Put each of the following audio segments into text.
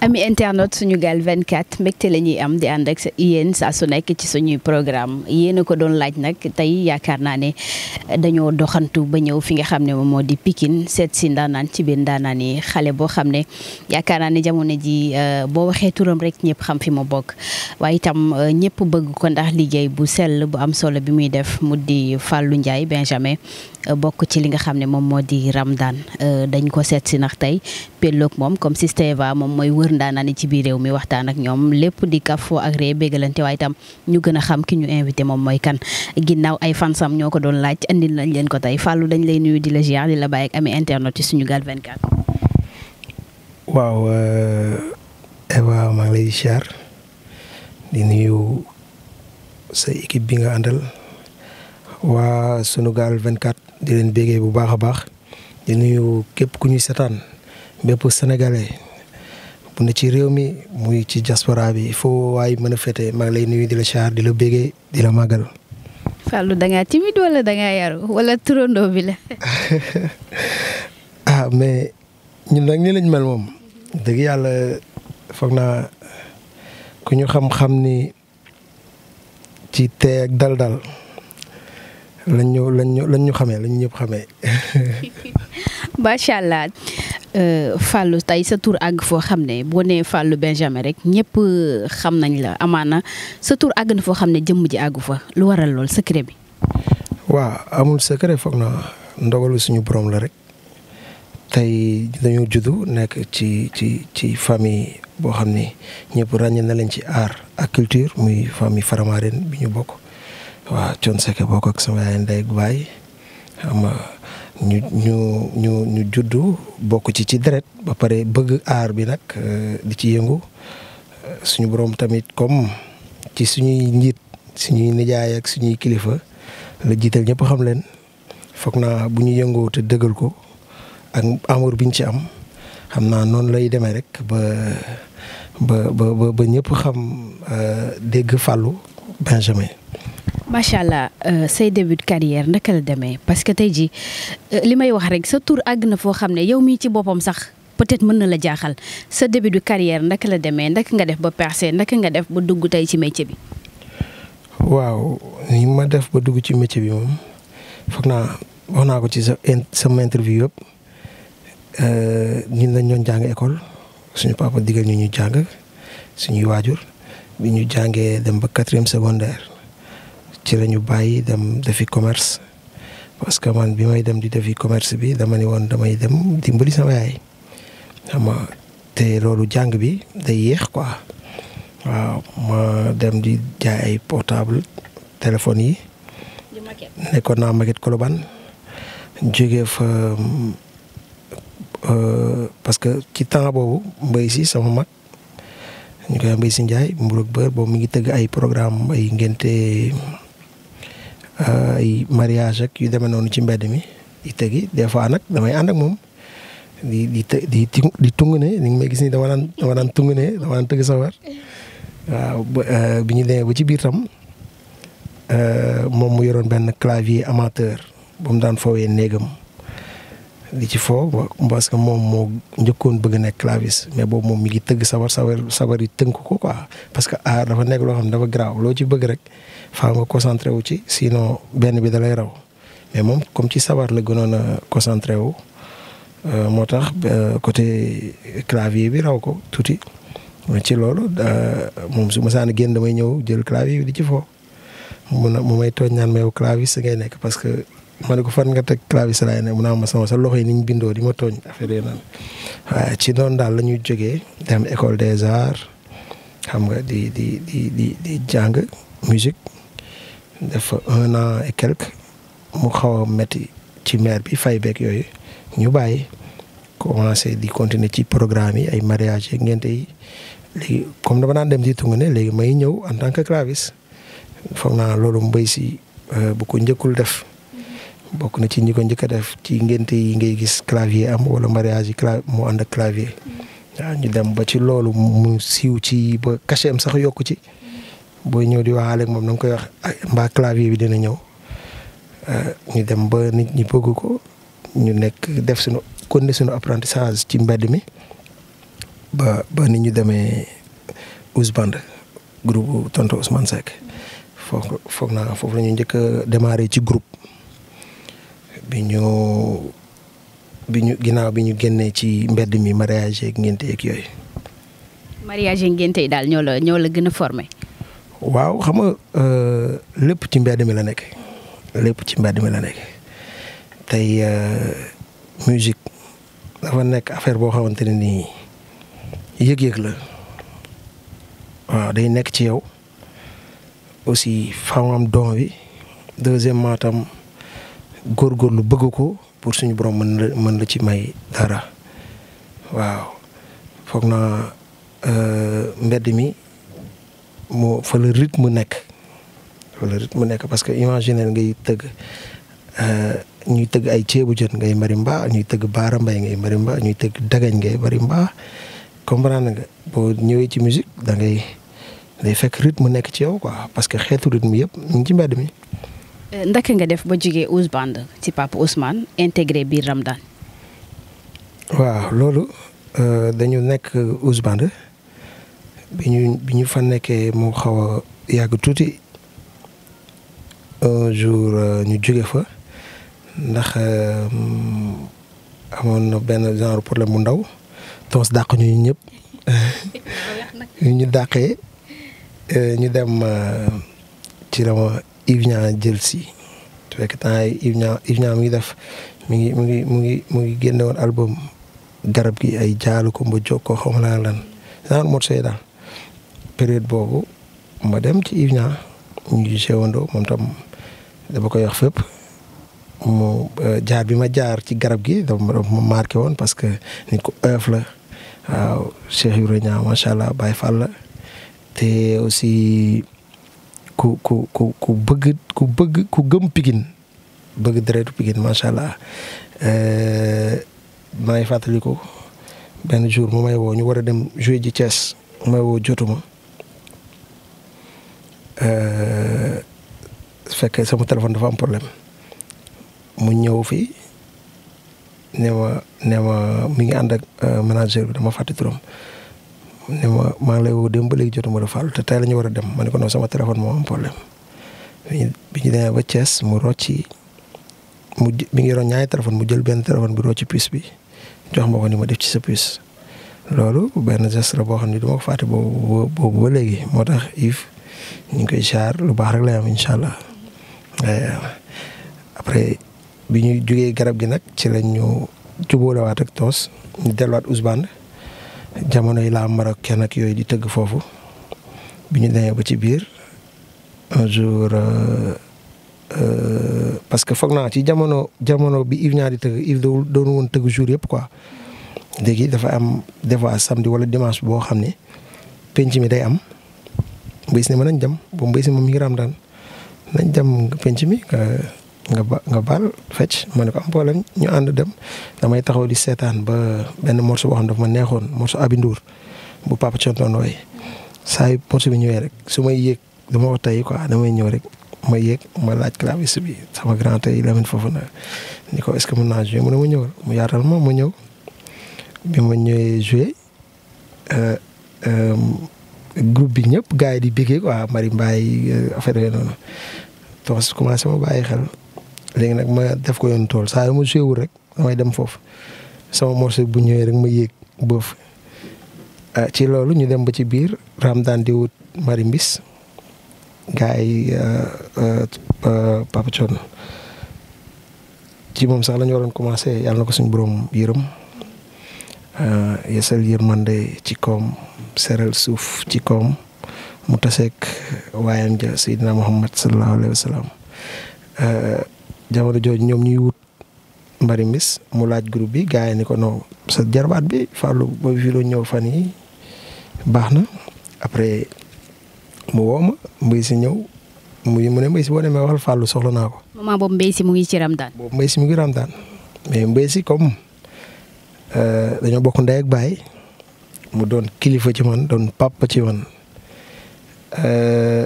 ami internet Sunugal 24 mbégte la ñuy am di ànd ak yéen saa su nekk ci suñuy programme yéen a ko doon laaj nag tey yaakaar naa ne eh, dañoo doxantu ba ñëw fi nga xam ne moom moo di Pikine seet si ndaanaan ci biir ndaanaan yi xale boo xam ne yaakaar naa ne jamono ji eh, boo waxee turam rek ñëpp xam fi mu bokk waaye itam eh, ñëpp bëgg ko ndax liggéey bu sell bu am solo bi muy def mu di Fallou Ndiaye Benjamin bokk ci li nga xam ne moom moo di Ramdan euh, dañ ko seet si ndax tey pelloog moom comme si Steva moom mooy wër ndaanaan ci biir réew mi waxtaan ak ñoom lépp di kafoo ak ree bégalante waaye itam ñu gën a xam ki ñu invité moom mooy kan ginnaaw ay fan sam ñoo ko doon laaj andil nañ leen ko tey Fallou dañ lay nuyu di la ziar di la bàyyi ak ami internet yi Sunugal 24. waaw euh, Eva maa ngi lay ziar di nuyu sa équipe bi nga àndal. waa Sunugal 24 di leen bégee bu baax a baax di nuyu képp ku ñuy setaan bépp sénégalais bu ne ci réew mi muy ci diaspora bi foo waay mën a féete maa ngi lay nuyu di la char di la bégee di la màggal. Fallou da ngaa wala da ngaa yaru wala turandoo bi la. ah mais ñun nag nii lañ mel moom. dëgg yàlla foog na ku ñu xam-xam ni ci tey dal-dal. lañu ñu lañ ñu lañ ñu xamee lañ ñëpp xamee. macha allah euh, Fallou tey sa tur àgg foo xam ne boo nee Fallou Benjamin rek ñëpp euh, xam nañ la amaana sa tur àgg na foo xam ne jëmm ji àggu fa lu waral lool secret bi. waaw amul secret foog na ndogalu suñu borom la rek tey dañoo juddu nekk ci ci ci famille boo xam ne ñëpp ràññee na leen ci art ak culture muy famille Faramareen bi ñu bokk. waaw Thione Seck bokk ak sama yaay ndey ak baay xam ñu ñu ñu ñu juddu bokk ci ci deret ba pare bëgg aar bi nag euh, di ci yëngu euh, suñu borom tamit comme ci suñuy njiit suñuy nijaay ak suñuy kilifa la jiital ñëpp xam leen foog naa bu ñu yëngoo te dëggal ko ak amour biñ ci am xam naa noonu lay demee rek ba ba ba ba ñëpp xam euh, dégg fàllu Benjamin. macha allah euh, say début de carrière naka la demee parce que tey jii euh, li may wax rek sa tur àgg na foo xam ne yow mii ci boppam sax peut-être mën na la jaaxal sa début de carrière naka la demee naka nga def ba percé naka nga def ba dugg tey ci métier bi. waaw ni dugg ci métier bi moom foog naa wax naa ko ci sa sama interview yëpp euh, ñun dañ doon jàng école suñu papa digal ñu ñu jàng suñuy waajur bi ñu jàngee dem ba quatrième secondaire. ci lañu bàyyi dem defi commerce parce que man bi may dem di defi commerce bi dama ne woon damay dem dimbali sama yaay xam loolu jàng bi day yéex quoi waaw dem di jaay ay portable téléphone yi nekkoon naa maquette Colobane jóge fa euh, parce que ci temps boobu mbay si sama mag ñu koy mbay si Ndiaye Mbuur ak Bër boobu mi ngi tëgg ay programme ay ngénte ay mariage ak yu deme noonu ci mbedd mi di tëggi des fois nag damay ànd ak moom di di të di di tung ni ngi may gis nii dama daan dama daan tung ne dama daan tëgg sawar waaw euh, bi ñu demee ba ci biir tam euh, moom mu yoroon benn clavier amateur ba mu daan foowee néegam di ci foo parce que moom moo njëkkoon bëgg nekk clavis mais boobu moom mi ngi tëgg sawar sawar sawar yi tënk ko quoi parce que aar dafa nekk loo xam ne dafa garaaw loo ci bëgg rek faa nga concentré wu ci sinon benn bi dalay raw mais moom comme ci sabar la gënoon a concentré wu euh, moo tax euh, côté clavier bi raw ko tuuti ci loolu euh, moom su ma saan génn damay ñëw jël clavier bi di ci foo mun na mu may tooñ naan ma yow clavier si ngay nekk que ma ne ko fan nga teg clavier laay ne mu ah, naa ma sama sa loxo yi ni ñu bindoo di ma tooñ affaire naan waaye ci noonu daal la ñuy jógee dem école des arts xam nga di di di di di jàng musique dafa un an et mu xaw a métti ci maire bi fay beeg yooyu ñu bàyyi commencé di continuer ci programme yi ay mariage yeeg ngénte yi léegi comme dama naan dem ci ne léegi may ñëw en tant que claviste foog naa loolu mbéy si euh, bu ko njëkkul def bokk na ci ñi ko njëkk a def ci ngénte yi ngay gis clavier am wala mariage yi cla mu ànd ak clavier mm. waaw ñu dem ba ci loolu mu siiw ci ba cachet am sax yokku ci. booy ñëw di waxaale ak moom na koy wax mbaa clavier bi dina ñëw euh, ñu dem ba nit ñi bëgg ko ñu nekk def suñu continuer suñu apprentissage ci mbedd mi ba ba nit ñu demee Ousband groupe tonton Ousmane Seck foofu foog naa foofu la ñu njëkk a démarré ci groupe bi ñu bi ñu ginnaaw bi ñu génnee ci mbedd mi mariage ak ngénte yeeg yooyu. mariage ak ngénte yi daal ñoo la ñoo la gën a formé. waaw xam nga euh, lépp ci mbedd mi la nekk lépp ci mbedd mi la nekk tey euh, musique dafa nekk affaire boo xamante ne nii yëg-yëg la waaw day nekk ci yow aussi faaw am don bi deuxièmement tam lu bëgg ko pour suñu borom mën la mën la ci may dara waaw foog naa euh, mbedd mi. moo fa la rythme nekk fa la nekk parce que imaginer ngay tëgg euh, ñuy tëgg ay ceebu jën ngay marimba ñuy tëgg baara mbay ngay marimba ñuy tëgg dagañ ngay mbaa comprendre nga boo ñëwee ci musique da day fekk rythme nekk ci yow quoi parce que xeetu rythme yëpp ñu ngi ci mbedd mi. Euh, ndaka nga def ba jigee Ouz Band ci Papa Ousmane integre biir Ramadane. waaw loolu euh, dañu nekk Ouz Band bi ñu bi ñu fa nekkee mu xaw a yàgg tuuti un jour euh, ñu jóge fa ndax euh, amoon na benn genre problème mu ndaw tons dàq ñu ñëpp ñu dàqee euh, ñu dem ci la ma Ivnia jël si su fekkee temps yi Ivnia Ivnia mi ngi def mi ngi mu ngi mu ngi mu ngi génne woon album garab gi ay jaalu ko mba jóg ko xaw ma lan genre morceau daal période boobu ma dem ci IBNA ñu gisee wandoo moom tam dama koy wax fépp mu euh, jaar bi ma jaar ci garab gi dama ma marqué woon parce que nit ku oyof la macha allah Baye Fall te aussi ku ku ku ku bëgg ku bëgg ku gëm Pikine bëgg deretu Pikine macha allah euh, maa ngi fàttaliku benn jour mu may woo ñu war a dem jouer ji Thiès may woo jotuma. Euh, su fekkee sama téléphone dafa am problème mu ñëw fi ne ma ne mi ngi ànd ak euh, manager bi dama fàtte turam ne ma maa ngi lay woo dem ba léegi jotuma la fàllu te tey la ñu war a dem ma ne ko sama téléphone moo am problème bi ñu demee ba Thiès mi ngi yoroon ñaari téléphone mu jël benn téléphone bi rocci puce bi jox ma ko ni ma def ci sa puce loolu benn geste la boo xam ne du ma boobu ba léegi moo tax Yves ñu koy jaar lu baax rek lay am incha allah après bi ñuy jugee garab gi nag ci lañ ñu jubóolewaat ak toos ñu delluwaat Ousbane jamono yi laa mar kenn ak yooyu di tëgg foofu bu ñu demee ba ci biir un jour euh, euh, parce que foog naa ci jamono jamono bi Yves ñaa di tëgg Yves doon woon tëgg jour yëpp ko léegi dafa am des fois samedi wala dimanche boo xam ne penc mi day am. mbuus ne ma nañ jam bu mbuus moom mi ngi raam daan nañ jam penc mi nga ba nga baal fecc ma ne ko am problème ñu ànd dem damay taxaw di seetaan ba benn morceau boo ma neexoon morceau Abi bu Papa Thione Ndoye saa yu bi ñëwee rek su may yéeg dama ko tey quoi damay ñëw rek ma yéeg ma laaj claviste bi sama grand tey Lamine foofu na ni ko est-ce que mën naa jouer mu ne ma ñëwal mu yaatal ma ma ñëw bi ma ñëwee jouer euh, euh, groupe bi ñëpp gars yi di bëggee waa Mari Mbaye euh, affaire yooyu noonu toos commencé ma bàyyi xel léegi nag ma def ko yoon tool saa yu ma jouéwul rek damay dem foofu sama morceau bu ñëwee rek ma yéeg euh, ci loolu ñu dem ba ci biir Ramadane di wut Mari Mbis gars yi euh, Papa Thion ci moom sax la ñu waroon commencé yàlla na ko suñu borom yërëm. Euh, yeesal yërmande ci koom seral suuf ci koom mu taseeg waayam ja Seydina Muhammad sallallahu alayhi wa sallam euh, jamono jooju ñoom ñuy wut mbari mis mu laaj groupe bi gars yi ni ko non sa jarbaat bi Fallou ba fi doon ñëw fan yi baax na après mu woo mbay si ñëw mu mu ne mbay si boo demee waxal Fallou soxla naa ko. mbay si mu ngi ci mais mbay si comme. Euh, dañoo bokk ndey ak mu doon kilifa ci man doon papa ci man euh,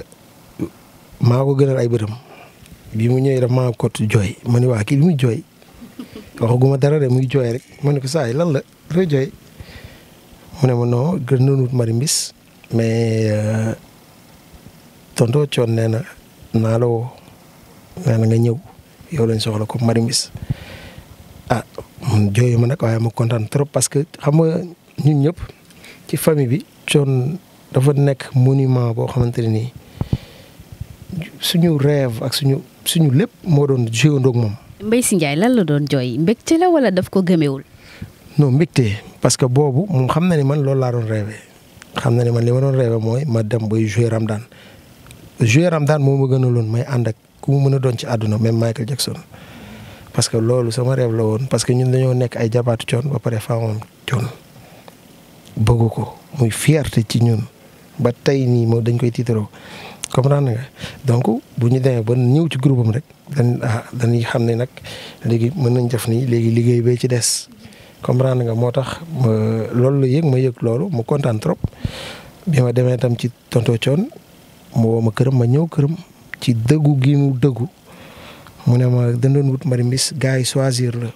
maa ko gënal ay bëtam bi mu ñëwee daf maa ko jooy ma ne waa kii bi muy jooy waxaguma dara de muy jooy rek ma ne ko saa lan la dafay jooy mu ne ma non gën na wut mari mais euh, tonto coon nee na naa la woo nee na nga ñëw yow lañ soxla ko mari man jooyu ma nag waaye ma kontaan trop parce que xam nga ñëpp ci famille bi coon dafa nekk monument boo xamante ne nii suñu rêve ak suñu suñu lépp moo doon jooy ndoog moom. Mbaye Sy Ndiaye lan la doon jooy mbégte la wala daf ko gëmewul. non mbégte parce que boobu moom xam na ni man loolu laa doon rêvé xam na ni man li ma doon mooy ma dem bay jouer Ramadane jouer Ramadane moo ma gënaloon may ànd ak ku mu mën a doon ci àdduna même Michael Jackson. parce que loolu sama rêve la woon parce que ñun dañoo nekk ay jabaatu coon ba pare faamam coon bëgg ko muy fierté ci ñun ba tey nii moom dañ koy tiitaroo comprendre nga donc bu ñu demee ba ñëw ci groupe rek dañ ah xam ne nag léegi mën nañ def nii léegi liggéey bee ci des comprendre nga moo tax ma loolu la yëg ma yëg loolu mu kontaan bi ma demee tam ci tonto coon mu woo ma këram ma ñëw këram ci dëggu gi mu dëggu mu ne ma dañ doon wut Marie Miss gars yi choisir la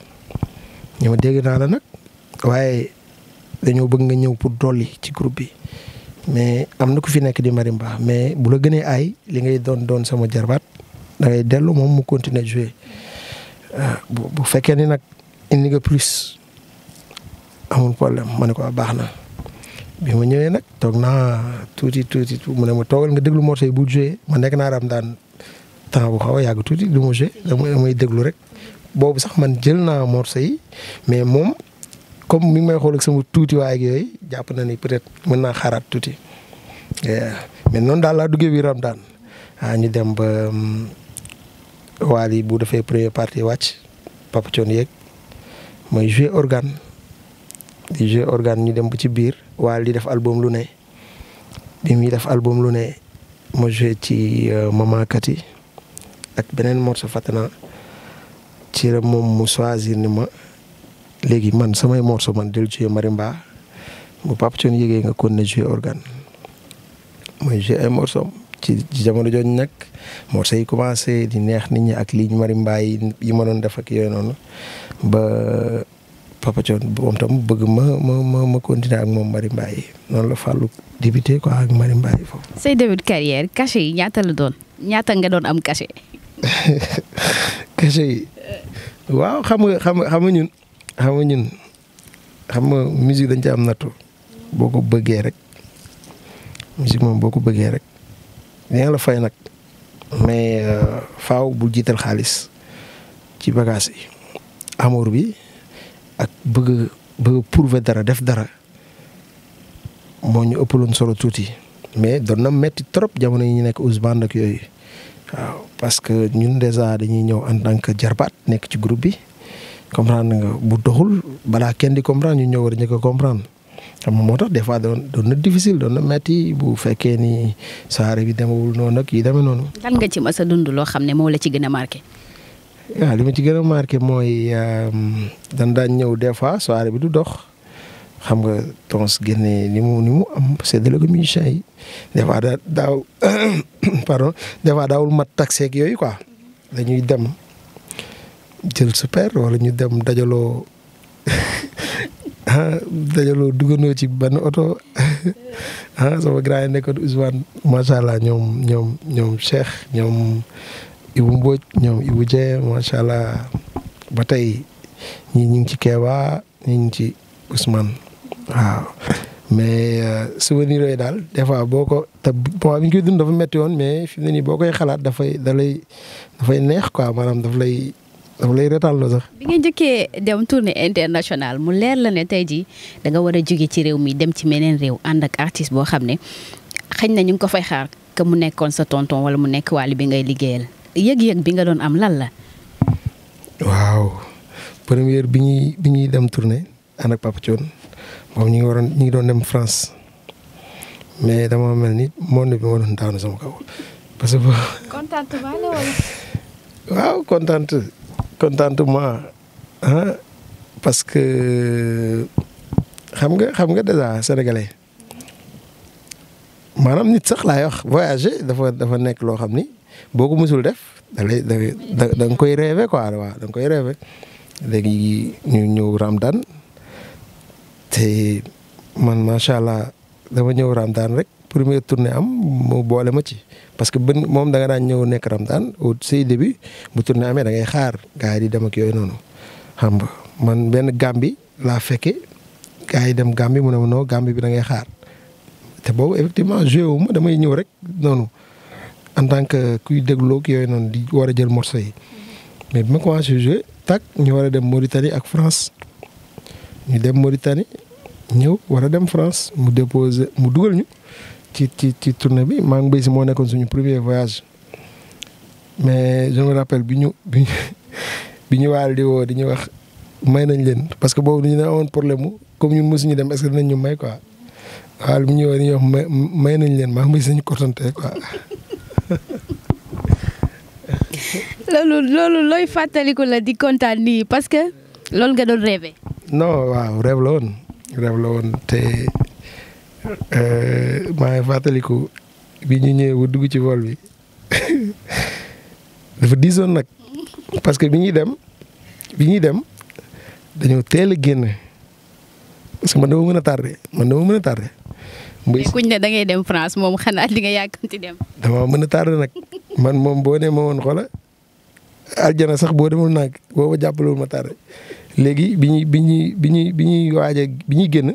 ñu ma dégg naa la nag waaye dañoo bëgg nga ñëw pour dolli ci groupe bi mais am na ku fi nekk di marimba mais bu la gënee aay li ngay doon doon sama jarbaat da dellu moom mu continuer jouer ah, bu fekkee ni nag indi nga plus amul problème ma ne ko a ah, baax na. bi ma ñëwee nag toog naa tuuti tuuti mu ne ma toogal nga déglu morceau yi bu jouer ma nekk naa raam daan temps bu xaw a yàgg tuuti du ma joué damay damay déglu rek boobu sax man jël naa morceau yi mais moom comme mi may xool ak sama tuuti waay yooyu jàpp na ni peut-être mën naa xaaraat tuuti. mais noonu daal laa duggee biir Ramadaan ah ñu dem ba mm, Wally bu defee première partie wàcc Papa Thione yeeg mooy joué organe di joué organe ñu dem ba ci biir Wally di def album lu ne bi muy def album lu ne ma joué ci euh, Maman Kati. ak beneen morceau fàtte naa ci moom mu choisir ni ma léegi man samay morceau man del jouer marimba bu Pape Thione yëgee nga kon ne jouer organe mooy jouer ay morceau ci jamono joon nag morceau yi commencé di neex nit ñi ak ligne marimba yi yi ma doon def ak yooyu noonu ba Papa Thione moom tam bëgg ma ma ma ma continuer ak moom marimba yi noonu la Fallou débuté ko ak marimba yi foofu. say début carrière cachet yi ñaata la doon ñaata nga doon am cachet. kese yi waaw xam nga xam xam nga ñun xam nga ñun xam nga musique dañ ci am nattu boo ko bëggee rek musique moom boo ko bëggee rek dina la fay nag mais euh, faaw bu jiital xaalis ci bagage yi amour bi ak bëgg bëgg prouver dara def dara moo ñu ëpp ëppaloon solo tuuti mais doon na metti trop jamono yi ñu nekk Ousmane ak yooyu waaw parce que ñun dèjà dañuy ñëw en tant que jarbaat nekk ci groupe bi comprendre nga bu doxul balaa kenn di comprendre ñu ñëw war ñu ko comprendre. xam moo tax des fois doon doon na difficile doon na metti bu fekkee ni saare bi demewul noonu ak yi demee noonu. lan nga ci mës a loo xam ne moo la ci gën a marqué. waaw li ma ci gën a marqué mooy euh, dan daan ñëw des fois soirée bi du dox. xam nga tons génne ni mu ni mu am séddale ko musiciens yi des fois daa pardon des daawul mat taxeeg yooyu quoi dañuy dem jël super wala ñu dem dajaloo ah dajaloo duggandoo ci benn oto ah sama grand yi nekkoon Ousmane macha allah ñoom ñoom ñoom Cheikh ñoom Ibou Mbodj ñoom Ibou Dieng allah ba tey ñii ñu ngi ci Kéba ñii ñu ngi ci Ousmane. waaw mais euh, souvenirs yooyu daal des fois boo ko te moment bi ñu koy dund dafa métti woon mais fi mu ne nii boo koy xalaat dafay da dafay neex quoi maanaam daf lay daf lay retal la sax. njëkkee dem tournée internationale mu leer la ne tey jii da war a jóge ci réew mi dem ci meneen réew ànd ak artiste boo xam ne xëy na ñu ngi ko fay xaar que mu nekkoon sa tonton wala mu nekk Wally bi ngay liggéeyal yëg-yëg bi nga doon am lan la. waaw première bi ñuy bi ñuy dem tournée ànd ak Papa Thione moom ñu ngi waroon ñu ngi doon dem France mais dama mel ni monde bi ma doon daanu parce que. contentement la waaw content contentement parce que xam nga xam nga déjà sénégalais maanaam nit sax laay wax voyager dafa dafa nekk loo xam ni boo ko musul def da da koy rêver quoi waaw da nga koy rêver léegi ñu ñëw Ramadan te man macha allah dama ñëw Ramadane rek première tournée am mu boole ma ci parce que bën moom da nga ñëw nekk Ramadane au say début bu tournée amee da ngay xaar gars yi di dem ak yooyu noonu xam nga man benn Gàmbi laa fekkee gars yi dem Gàmbi mu ne ma non Gàmbi bi da ngay xaar te boobu effectivement joué wu damay ñëw rek noonu en tant que kuy dégloo ak yooyu noonu di war a jël morceau yi mais bi ma commencé joué tak ñu war a dem Mauritanie ak France ñu dem Mauritanie ñëw war a dem France mu déposé mu dugal ñu ci ci ci tournée bi maa ngi si moo nekkoon suñu premier voyage mais je me rappelle bi ñu bi ñu waal di woo di ñu wax may nañ leen parce que boobu dañu ne amoon problème mu comme ñun mosuñu dem est ce ñu may quoi waaw bi ñu woo di may nañ leen maa ngi béy si ñu kontante quoi. loolu loolu looy fàttaliku la di kontaan nii parce que loolu nga doon rêvé. non rew la woon te euh, maa ngi fàttaliku bi ñu ñëwee ba dugg ci vol bi dafa diisoon nag parce que bi ñuy dem bi ñuy dem dañoo teel a génn parce que man dama mën a tardé man dama mën a tardé. mbay kuñ ne da ngay dem France moom xanaa di nga yàkkamti dem. dama mën a tardé nag man moom boo ne ma woon xoola aljana sax boo demul naag boo ma jàppalewul ma tardé. léegi bi ñuy bi ñuy bi ñuy bi ñuy waajee bi ñuy génn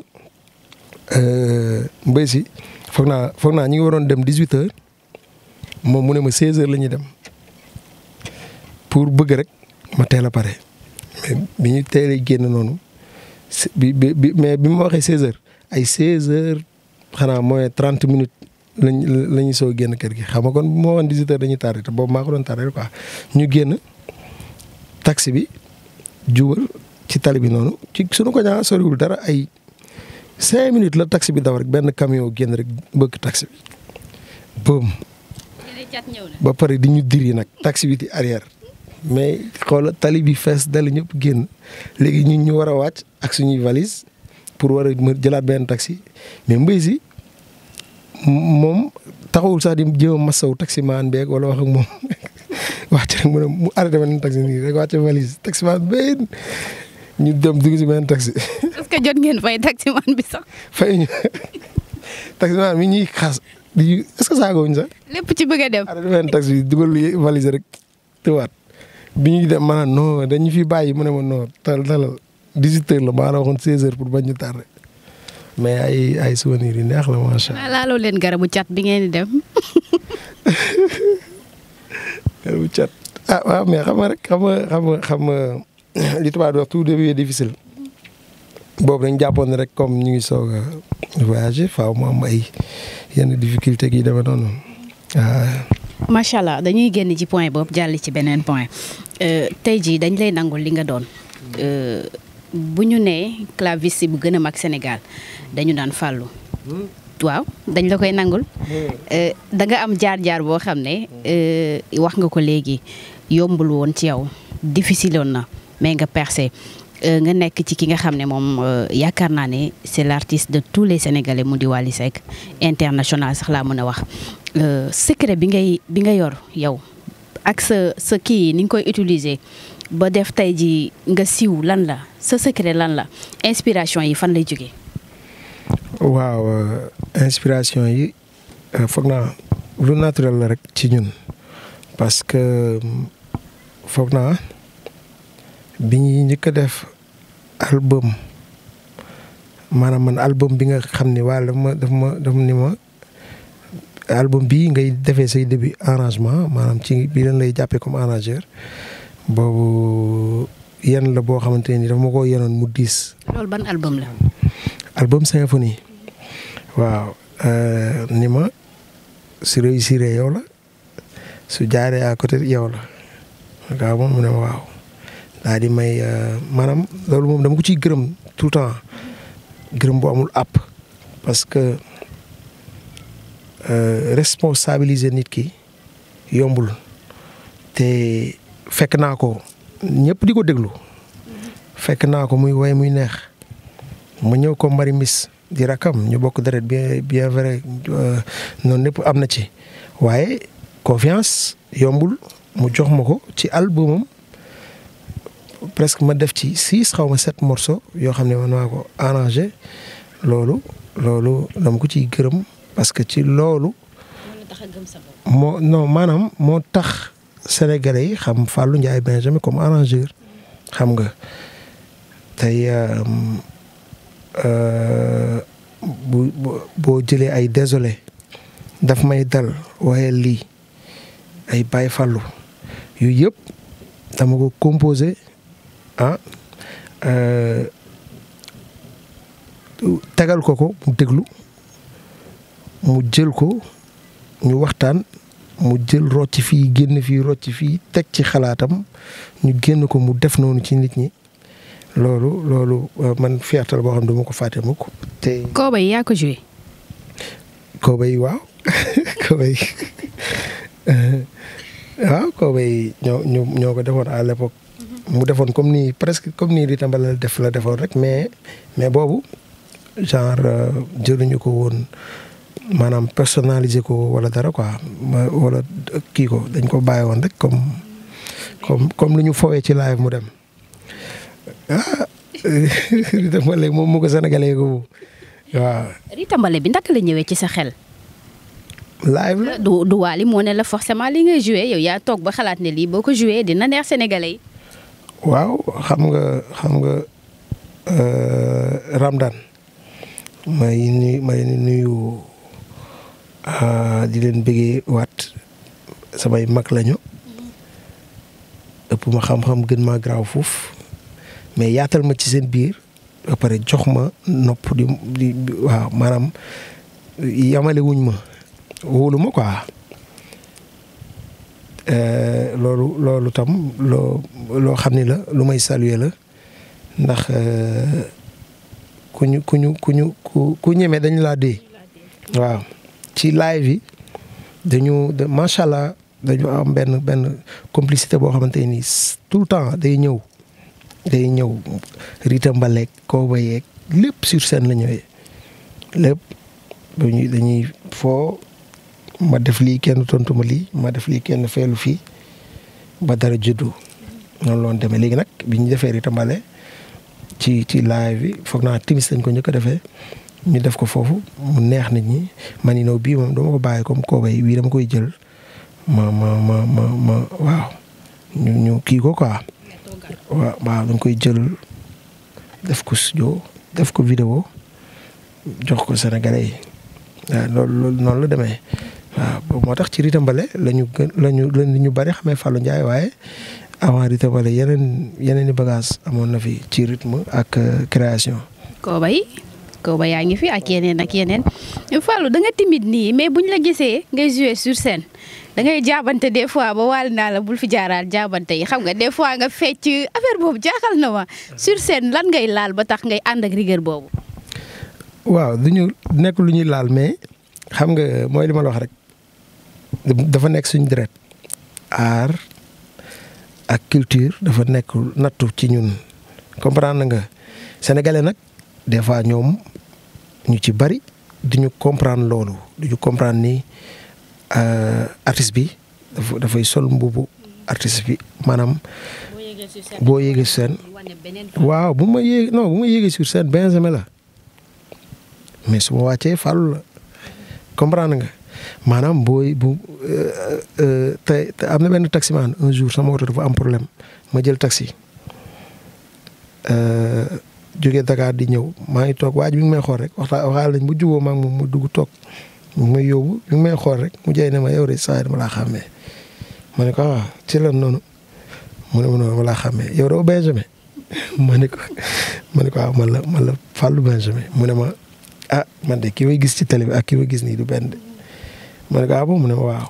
euh, mbay si foog naa foog naa ñu ngi waroon dem dix moom mu ne ma seize heures la ñuy dem pour bëgg rek ma teel a pare mais bi ñu teelee génn noonu bi bi mais bi ma waxee seize heures ay seize heures xanaa mooy trent minutes lañ la ñuy soo génn kër gi xam nga kon bu ma dañuy tardé boobu maa ko doon tardé quoi ñu génn taxi bi jubal ci tali bi noonu ci suñu ko ñaa ah, soriwul dara ay cinq minutes la tax bi daw rek benn camion génn rek bëgg taxi bi boom ba pare di ñu diri nag taxi bi mais xoola tali bi fees dali ñëpp génn léegi ñun ñu war a wàcc ak suñuy valise pour war a jëlaat benn taxi mais mbay si moom taxawul sax di jéem a masawu taxi maan beeg wala wax ak moom wàcc rek mu ne mu arrêté taxi nii rek wàcc valise taxi maan beeg ñu dem dugg si benn taxi. est-ce que jot ngeen fay taximan bi sax. fay ñu taximan mi ñuy xaas di est-ce que saagoo ñu sax. lépp ci bëgg a dem. arrêté benn taxi bi dugal valise rek tëwaat bi ñuy dem maanaam non dañu fi bàyyi mu ne ma non tal talal 18 heures la maa la waxoon 16 heures pour bañ ñu tardé mais ay ay souvenirs yi neex la macha allah. laaloo leen garabu cat bi ngeen di dem. garabu cat ah waaw mais xam nga rek xam nga xam nga xam nga li tubaab wax tout début est difficile boobu dañ jàppoon rek comme ñu ngi soog a voyager faaw mu am ay yenn difficulté gi demee noonu waaw. Ah. allah dañuy génn ci point boobu jàll ci beneen point euh, tey jii dañ lay nangul li nga doon. Euh, bu ñu nee claviste bu gën a mag Sénégal dañu daan fàllu. Hmm? waaw dañ la koy nangul. Hmm. Euh, danga am jaar-jaar boo xam ne. wax nga ko léegi yombul woon ci yow difficile woon na. mais nga percé euh, nga nekk ci ki nga xam ne moom euh, yaakaar naa ne c'est l'artiste de tous les sénégalais mu di Wally Seck international sax laa mën a wax euh, secret bi ngay bi nga yor yow ak sa sa kii yi ni nga koy utiliser ba def tey jii nga siw lan la sa secret lan la inspiration yi fan lay jógee. waaw yi foog naa lu naturel la rek ci ñun parce foog naa. bi ñuy njëkk a def album maanaam man album bi nga xam ni waa daf ma daf ma daf ni ma album bii ngay defee say début arrangement maanaam ci bi leen lay jàppee comme arrangeur boobu yenn la boo xamante ni daf ma ko yenoon mu diis. ban album la. waaw euh, ni ma su réussir yow la su jaaree à côté yow la gaaw mu ne waaw. daal di may euh, maanaam loolu moom dama ko ciy gërëm tout le temps gërëm bu amul àpp parce que euh, responsabiliser nit ki yombul te fekk naa ko ñëpp di ko déglu fekk naa ko muy way muy neex mu ñëw ko Marie Miss di rakam ñu bokk deret bien bien vrai euh, noonu népp am na ci waaye confiance yombul mu jox ma ko ci albumam presque ma def ci six xaw ma sept morceaux yoo xam ne man maa ko arrangé loolu loolu dama ko ciy gërëm parce que ci loolu. moo non maanaam moo tax sénégalais yi xam Fallou Ndiaye Benjamin comme arrangeur xam nga tey euh, euh, bu boo jëlee ay désolé daf may dal waaye lii ay Baye Fallou yooyu yëpp dama ko composé. ah euh, tegal ko ko mu déglu mu jël ko ñu waxtaan mu jël rocc fii génn fii ci fii teg ci xalaatam ñu génn ko mu def noonu ci nit ñi loolu loolu euh, man fierté boo xam ne du ko fàtte mukk te. Koobay yaa ko joué. Koobay waaw Koobay euh, waaw Koobay ñoo ñoo ko defoon à l'époque mu defoon comme nii presque comme nii di la def la defoon rek mais mais boobu genre euh, jëluñu ko woon maanaam personnalisé ko wala dara quoi wala kii ko dañ ko bàyyi woon rek comme comme comme lu ñu fowee ci live mu dem ah moom mu ko sénégalais ko waaw. di tambale bi naka la ñëwee ci sa xel. live la du du waali moo ne la forcément li ngay joué yow yaa toog ba xalaat ne lii boo ko joué dina neex sénégalais yi. waaw xam nga xam nga euh, Ramadan may nuyu may euh, nuyu di leen bëggee waat samay mag lañu ëpp ma xam-xam gën maa garaaw foofu mais yaatal ma ci seen biir ba jox ma nopp di waaw maanaam yamale wuñ ma wóolu ma Euh, loolu loolu tam loo loo xam ni la lu may saluer la ndax euh, ku ñu ku ñu ku ñu ku ku ñeme dañ laa dee. waaw ci live yi dañu de macha allah dañu am benn benn complicité boo xamante ni tout le temps day ñëw day ñëw Rita Mbaleek Koba yeeg lépp sur seen la ñëwee lépp dañuy foo. ma def lii kenn tontu ma lii ma def lii kenn feelu fii ba dara juddu noonu loon demee léegi nag bi ñu defee Ritambale ci ci live bi foog naa timis lañ ko njëkk a defee ñu def ko foofu mu neex nañ ñi man bii moom dama ko bàyyi comme wii dama koy jël ma ma ma ma ñu kii ko quoi waaw waaw koy jël def ko def ko vidéo jox ko Sénégalais yi waaw loolu loolu noonu la demee waaw moo tax ci Rita ba la ñu gën la ñu la ñu bëri xamee Fallou Ndiaye waaye avant Rita Mbale yeneen yeneen i bagage amoon na fi ci rythme ak euh, création. Koobay Koobay yaa ngi fi ak yeneen ak yeneen Fallou danga nga timide nii mais bu ñu la gisee ngay jouer sur scène da ngay jaabante des fois ba waal naa la bul fi jaaraal jaabante yi xam nga des fois nga fecc affaire boobu jaaxal na ma sur scène lan ngay laal ba tax ngay ànd ak rigueur boobu. waaw du ñu nekk lu ñuy laal mais xam nga mooy li ma la rek. dafa nekk suñu deret art ak culture dafa nekk nattu ci ñun comprendre nga sénégalais nag des fois ñoom ñu ci bari du ñu loolu du ñu comprendre ni euh, artiste bi dafa dafay sol mbubu artiste bi maanaam. boo yéegee sur seen waaw bu ma yéeg non bu ma yéegee sur la mais suma wàccee Fallou la comprendre nga. maanaam booy bu euh, euh, euh, tey am na benn taximaan un jour sama oto dafa am problème ma jël taxi jóge Dakar di ñëw maa ngi toog waaj mi may xool rek waxtaan waxaal nañ bu juboo maa mu dugg toog mu ngi may yóbbu mi may xool rek mu jey ne ma yow de saa dama laa xàmmee ma ne ko ah ci noonu mu ne ma noonu ma laa xàmmee yow oh, ne ko ma ah man la ma la Fallou Benjamin mu ne ma ah man de kii may gis ci télé bi ak kii may gis nii du benn. ma ne ko ah bon mu ne waaw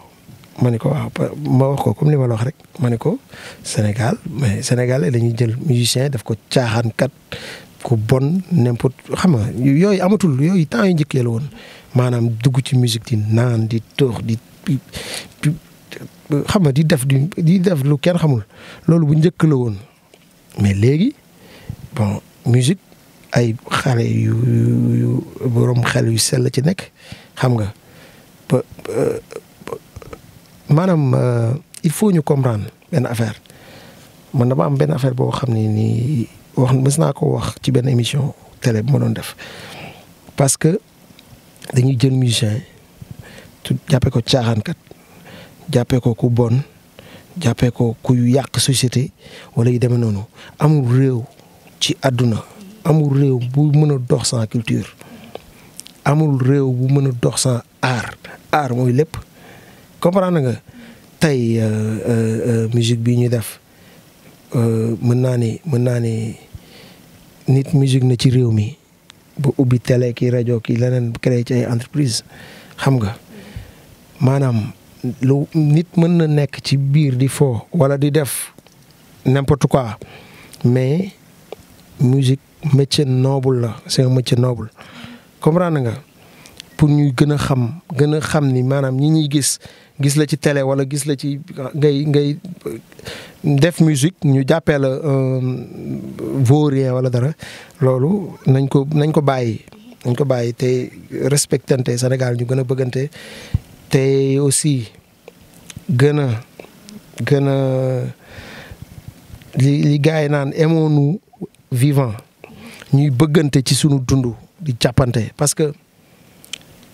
ma ne ko waaw ma wax ko comme ni ma la wax rek ma ne ko Sénégal mais Sénégal lañuy jël musicien def ko caaxaan kat ku bon n'importe xam nga yooyu amatul yooyu temps yu njëkkee la woon maanaam dugg ci musique di di toox di nga di def di def lu kenn xamul loolu bu njëkk la woon mais léegi bon musique ay xale yu yu borom xel yu sell ci nekk xam nga. maanaam euh, il faut ñu comprendre benn affaire man dama am benn affaire boo xam ne nii wax mës naa ko wax ci benn émission télé bu ma doon def parce que dañuy jën musicien tu jàppee ko caaxaankat jàppee ko ku bon jàppee ko ku yàq société wala yu demee noonu amul réew ci àdduna amul réew bu mën a dox sans culture amul réew bu mën a dox sans art ar mooy lépp comprendre nga tey euh, euh, euh, musique bii ñu def mën naa ni mën naa ni nit musique na ci réew mi ba ubbi télé ki rajo ki leneen créé ci ay entreprise xam nga maanaam lu nit mën na nekk ci biir di foo wala di def n'importe quoi mais musique métier noble la c'est un noble comprendre nga pour ñuy gën a xam gën a xam ni maanaam ñi ñuy gis gis la ci télé wala gis la ci ngay ngay def musique ñu jàppee la euh, vaurien wala dara loolu nañ ko nañ ko bàyyi. nañ ko bàyyi te respectante Sénégal ñu gën a bëggante te aussi gën a gën a li li gars yi naan aimons-nous vivants ñuy bëggante ci sunu dund di jàppante parce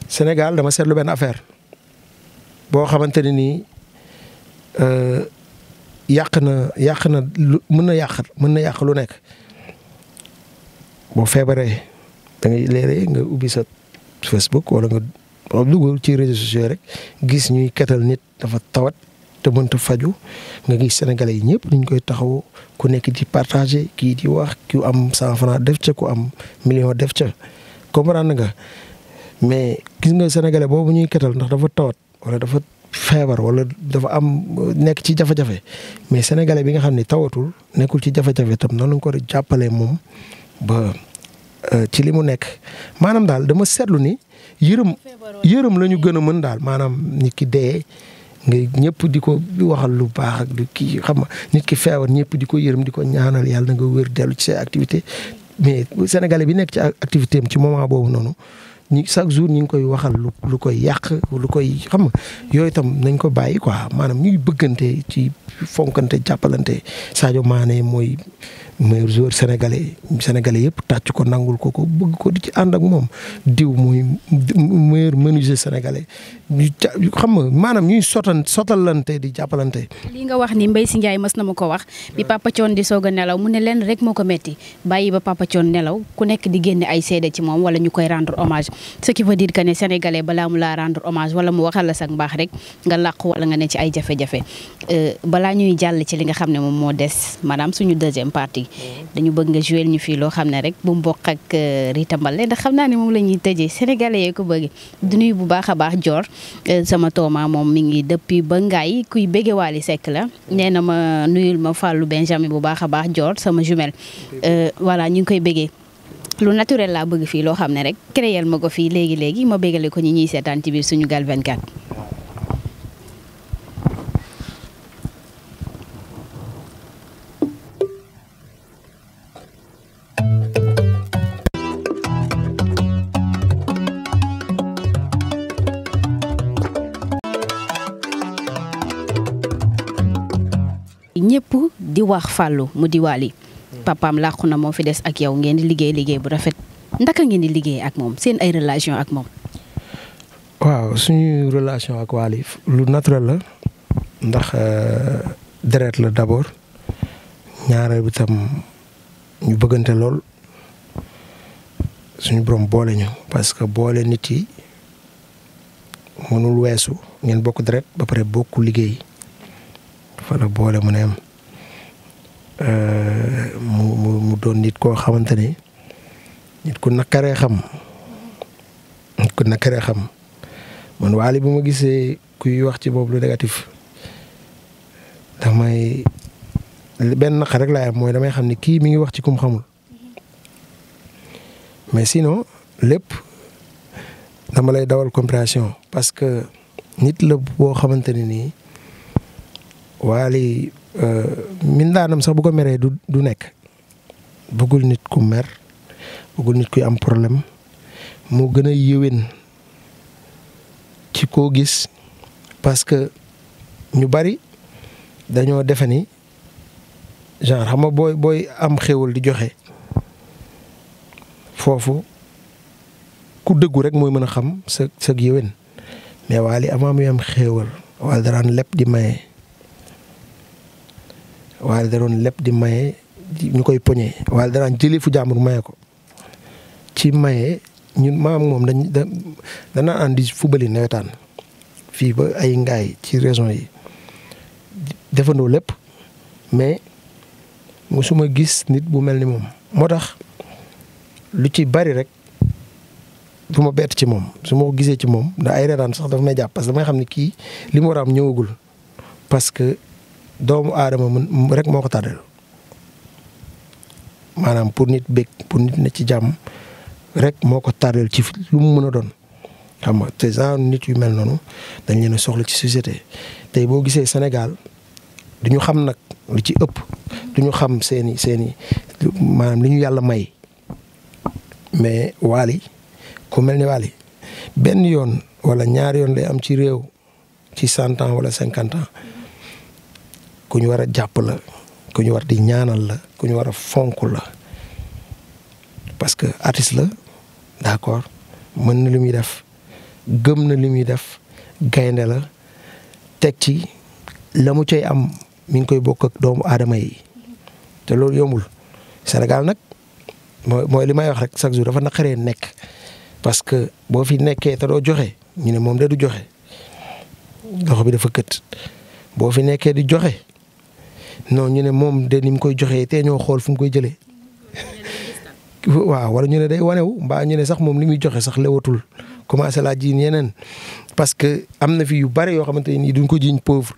Sénégal dama seetlu benn affaire boo xamante ne nii euh, yàq na yàq na lu mën na yàq mën na yàq lu nekk boo feebaree da ngay nga ubbi sa Facebook wala nga lugo ci réseaux sociaux rek gis ñuy ketal nit dafa tawat te mënta faju nga gis sénégalais yi ñëpp niñ koy taxaw ku nekk di partager kii di wax ku am cent franc def ca ko am million def ca comprendre nga. mais gis nga sénégalais boobu ñuy ketal ndax dafa tawat wala dafa feebar wala dafa am nekk ci jafe-jafe mais sénégalais bi nga xam ne tawatul nekkul ci jafe tam noonu lañ ko jàppalee moom ba euh, ci li mu nekk maanaam daal dama seetlu ni yërëm yërëm la ñu gën a mën daal maanaam nit ki dee nga ñëpp di ko waxal lu baax ak du kii xam nga nit ki feebar ñëpp di ko yërëm di ko ñaanal yàlla na nga wér dellu ci say activité mais sénégalais bi nekk ci activité am ci moment boobu noonu ñi chaque jour ñu ngi koy waxal lu lu koy yàq lu koy xam nga yooyu itam nañ ko bàyyi quoi maanaam ñuy bëggante ci fonkante jàppalante maana Mané mooy. meilleur joueur sénégalais sénégalais yëpp tàcc ko nangul ko ko bugg ko di ci ànd ak moom diw mu muy meilleur menuisier sénégalais xam nga maanaam ñuy sotan sotalante di jàppalante. li nga wax ni mbay si Ndiaye mas na ma ko wax bi Papa Thione di soog nelaw mu ne leen rek moo ko metti bàyyi ba Papa Thione nelaw ku nekk di génne ay seede ci moom wala ñu koy rendre hommage ce qui veut dire que ne sénégalais balaa mu laa rendre hommage wala mu waxal la sax mbaax rek nga làqu wala nga ne ci ay jafe-jafe euh, balaa ñuy jàll ci li nga xam ne moom moo des maanaam suñu deuxième partie dañu bëgg nga jouer ñu fii loo xam ne rek bu mbokk ak euh, Rita Mbalé ndax xam naa ne moom la ñuy tëjee sénégalais yee ko bëgg du nuyu bu baax a baax joor euh, sama tooma moom mi ngi depuis ba ngaay kuy bége Wally Seck la nee na ma nuyul ma fàllu Benjamin bu baax a baax joor sama jumelle euh, voilà ñu ngi koy bégee lu naturel laa bëgg fii loo xam ne rek créel ma ko fii léegi léegi ma bégale ko ñi ñuy seetaan ci biir suñu gal 24 ñëpp di wax Fallou mu di Waly hmm. papaam làqu na moo fi des ak yow ngeen di liggéey liggéey bu rafet ndaka ngeen di liggéey ak moom seen ay relation ak moom. waaw suñu relation ak Waly lu naturel la ndax euh, deret la d'abord ñaareel bi tam ñu bëggante lool suñu borom boole ñu parce que boole nit yi mënul weesu ngeen bokk deret ba pare bokk liggéey. fa boole mu ne am euh, mu doon nit koo xamante ni nit ku nakkaree xam nit ku nakkaree xam man waali bu ma gisee kuy wax ci boobu lu négatif damay benn naqar rek laay am mooy damay xam ni kii mi ngi wax ci kum xamul mais sinon lépp dama lay dawal compréhension parce que nit la boo xamante ne nii. Wally euh, mindaanam sax bu ko meree du du nekk bëggul nit ku mer bëggul nit kuy am problème moo gën a yéwén ci koo gis parce que ñu bari dañoo defe ni genre xam nga booy booy am xéwal di joxe foofu ku dëggu rek mooy mën a xam sa sa yéwén mais Wally avant muy am xéwal Wally daraan lépp di maye. waaye da doon lépp di maye ñu koy poñe waaye da daan fu jàmbur maye ko ci maye ñun maam moom dañ da danaa ànd di fubali nawetaan fii ba ay ngaay ci région yi defandoo lépp mais su ma gis nit bu mel ni moom moo tax lu ci bari rek du ma bett ci moom su ma ko gisee ci moom ndax ay reetaan sax daf may jàpp parce que damay xam ne kii li mu war a am ñëwagul parce que doomu aadama mun rek moo ko tardel maanaam pour nit bég pour nit ne ci jàmm rek moo ko tardel ci lu mu mën a doon xam nga te genre nit yu mel noonu dañ leen a soxla ci société tey boo gisee Sénégal du ñu xam nag lu ci ëpp du ñu xam seeni seeni maanaam li ñu yàlla may mais Wally ku mel ni Wally benn yoon wala ñaari yoon lay am ci réew ci cent ans wala cinquante ans ku ñu war a jàpp la ku ñu war di ñaanal la ku ñu war a fonk la parce que artiste la d'accord mën na li muy def gëm na li muy def gaynde la teg ci la mu cay am mi ngi koy bokk ak doomu aadama yi te loolu yombul Sénégal nag mooy mooy li may wax rek chaque jour dafa naqaree nekk parce que boo fi nekkee te joxe ñu ne moom de du joxe loxo bi dafa kët boo fi nekkee di joxe non ñu ne moom de ni mu koy joxee te ñoo xool fu mu koy jëlee waaw wala ñu ne day wanewu mbaa ñu ne sax moom li muy joxe sax lewatul commencé laa jiin yeneen parce que am na fi yu bare yoo xamante ni duñ ko jiiñ pauvre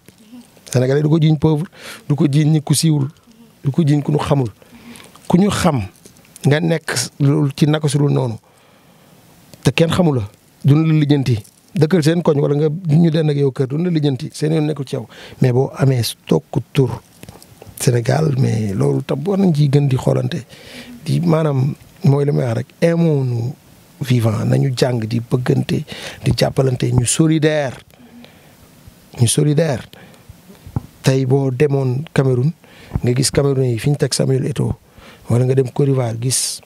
sénégalais du ko jiiñ pauvre du ko jiiñ ñi ku siiwul du ko jiiñ ku ñu xamul ku ñu xam nga nekk loolu ci naka sulul noonu te kenn xamu la duñ la lijjanti dëkkal seen koñ wala nga ñu den ak yow kër duñ la lijjanti seen yoon nekkul ci yow mais boo amee tokk tur Sénégal mais loolu tam war nañ ciy di xoolante di maanaam mooy li rek aimons-nous nañu jàng di bëggante di jàppalante ñu solidaire ñu solidaire tey boo demoon Cameroun nga gis Cameroun yi fi ñu teg Samuel Eto'o wala nga dem Côte gis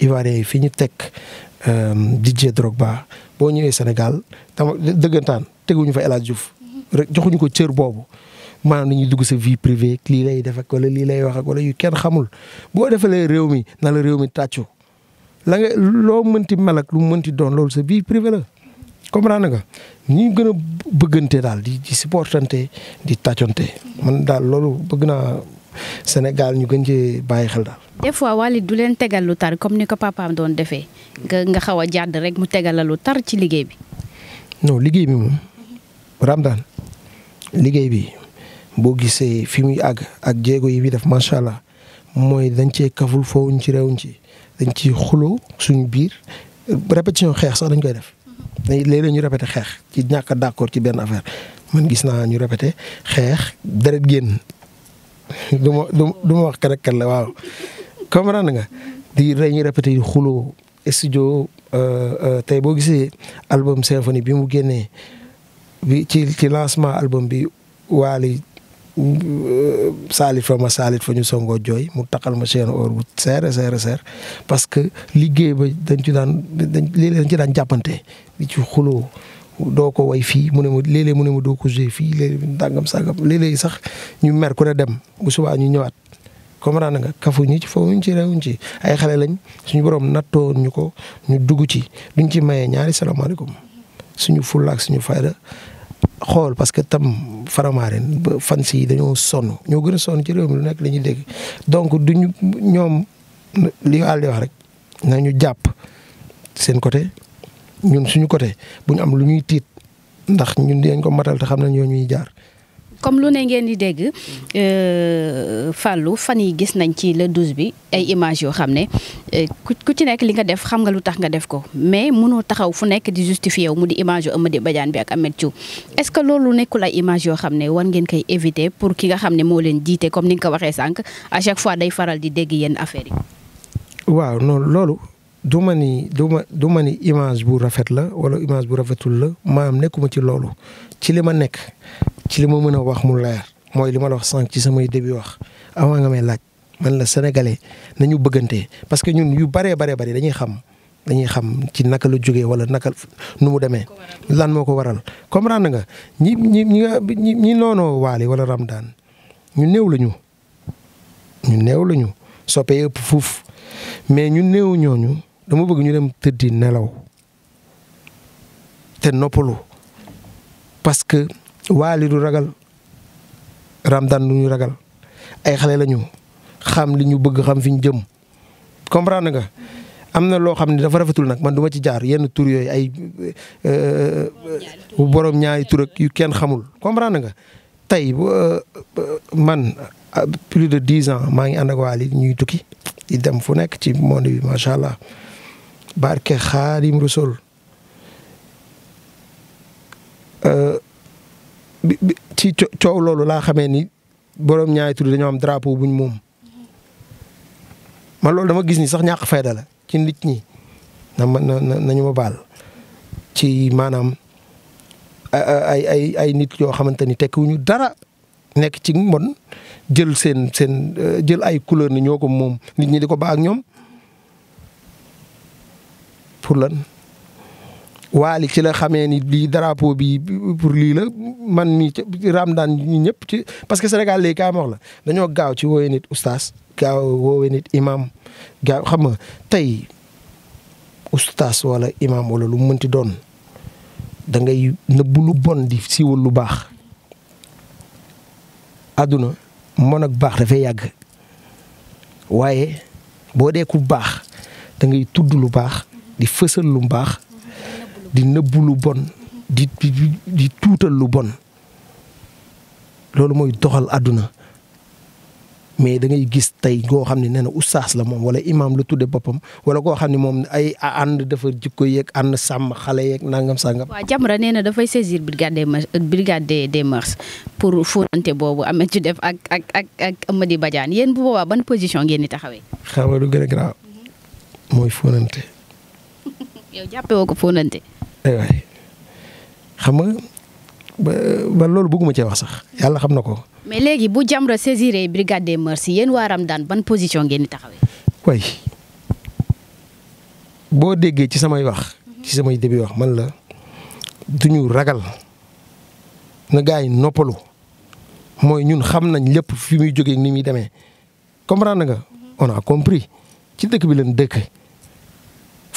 Ivoiriens yi fi ñu teg euh, Didier Drogba boo ñëwee Sénégal tam dëggantaan teguñu fa El Hadj Diouf rek joxuñu ko cër boobu. maanaam dañuy dugg sa vie privée lii lay def ak wala lii lay wax wala yu kenn xamul boo defalee réew mi na la réew mi tàccu la nga loo mënti mel ak lu mënti doon loolu sa vie privée la. comprendre nga ñi gën a bëggante daal di di supportante di tàcconte man daal loolu bëgg naa Sénégal ñu gën cee bàyyi xel daal. des fois Wally du leen tegal lu tar comme ni ko papaam doon defee nga xaw a jàdd rek mu tegal lu tar ci liggéey bi. non liggéey bi moom. Ramadaan liggéey bi. boo gisee fi muy àgg ak jéego yi muy def macha allah mooy dañ cee kaful foowuñ ci réewuñ ci dañ ci xuloo suñu biir répétition xeex sax dañ koy def. dañ léeg-léeg ñu répété xeex ci ñàkk d'accord ci benn affaire man gis naa ñu répété xeex deret génn du ma du ma wax kan ak kan la waaw comprendre nga di rey ñu répété di xuloo studio euh, euh, tey boo gisee album symphonie bi mu génnee bi ci ci lancement album bi Wally saalit fa ma saalit fa ñu songoo jooy mu taxal ma chaîne or bu seere seere seer parce que liggéey ba dañ ci daan dañ léeg dañ ci daan jàppante di ci xuloo doo ko way fii mu ne ma mu ne ma doo ko joué fii léeg-léeg dàngam sàngam sax ñu mer ku ne dem bu subaa ñu ñëwaat comprendre nga ñu ci ñu ci réewuñ ci ay xale lañ suñu borom nattoo ñu ko ñu dugg ci duñ ci mayee ñaari salaamaaleykum suñu fulla ak suñu fayda xool parce que tam Faramaren ba fan si dañoo sonn ñoo gën a sonn ci réew mi lu nekk la ñuy dégg donc ñu ñoom li àll wax rek nañu jàpp seen côté ñun suñu côté bu ñu am lu ñuy tiit ndax ñun dañ ko matal te xam nañ ñoo ñuy jaar. comme lu ne ngeen di dégg euh, Fallou fan yi gis nañ ci le douze bi ay image yoo xam ne euh, ku ci nekk li nga def xam nga lu tax nga def ko mais munoo taxaw fu nekk di justifier wu mu di image yu di Badiane bi ak Ameth Thiou est-ce que loolu nekkul ay image yoo xam ne war ngeen koy éviter pour ki nga xam ne moo leen jiite comme ni nga ko waxee sànq à chaque fois day faral di dégg yenn affaire yi. waaw non loolu du ma ni du ma du ma ni image bu rafet la wala image bu rafetul la maam nekkuma ci loolu ci li ma nekk ci li ma mën a wax mu leer mooy li ma la wax sànq ci samay début wax avant nga may laaj man la sénégalais nañu bëggante parce que ñun yu baree baree bari dañuy xam dañuy xam ci naka la jógee wala naka nu mu demee lan moo ko waral comprendre nga ñi ñi ñi ñi noonoo waali wala ramdaan ñu néew lañu ñu néew lañu soppee ëpp fuuf mais ñu néew ñooñu. dama bëgg ñu dem tëddi nelaw te noppalu parce que waali du ragal ramdan du ñu ragal ay xale ñu xam li ñu bëgg xam fi ñu jëm comprendre nga am na loo xam ne dafa rafetul nag man du ci jaar yenn tur yooyu ay euh, euh, borom ñaari tur ak yu kenn xamul comprendre nga tey euh, man plus de dix ans maa ngi ànd ak waali ñuy tukki i dem fu nekk ci monde bi macha allah. barke xaadim rasul euh, ci coow loolu laa xamee ni borom ñaari tur dañoo am drapeau buñ moom man loolu dama gis ni sax ñaax fayda la ci nit ñi na na ma baal ci maanaam ay ay ay nit yoo xamante ni tekkiwuñu dara nekk ci mbon jël seen seen euh, jël ay couleur ni ñoo ko moom nit ñi di ko ba ak ñoom pour lan waali ci la xamee ni lii drapeau bi pour lii la man mii ci Ramadaan ñi ñëpp ci parce que Sénégal léegi kaay ma la dañoo gaaw ci woowee nit oustaz gaaw woowee nit imam gaaw xam nga tey oustaz wala imam wala lu mu mënti doon dangay ngay nëbbu lu bon di siiwal lu baax. àdduna mën ak baax dafay yàgg waaye boo dee ku baax da tudd lu baax. di fësal lu baax di nëbbulu bon di di tuutal lu bon loolu mooy doxal àdduna mais da ngay gis tey koo xam ne nee na ustaas la moom wala imam la tudde boppam wala go xam ne moom ay ànd dafa jikko yeeg ànd sàmm xale yeeg nangam sangam. waaw Jamra nee na dafay saisir brigade des mœurs euh, des des mœurs pour fóonante boobu am ci def ak ak ak ak Amady yéen bu boobaa ban position ngeen di taxawee. xam nga lu gën a mooy fóonante. yow jàppee woo ko fóonante. aywaay xam nga ba ba loolu bëgguma cee wax sax yàlla xam na ko. mais léegi bu Jamra saisiré brigade des mœurs si yéen waa ban position ngeen di taxawee. boo déggee ci samay wax. ci samay début wax man la duñu ragal na gars yi noppalu mooy ñun xam nañ lépp fi muy jógee ni muy demee comprendre nga on a ci dëkk bi leen dëkk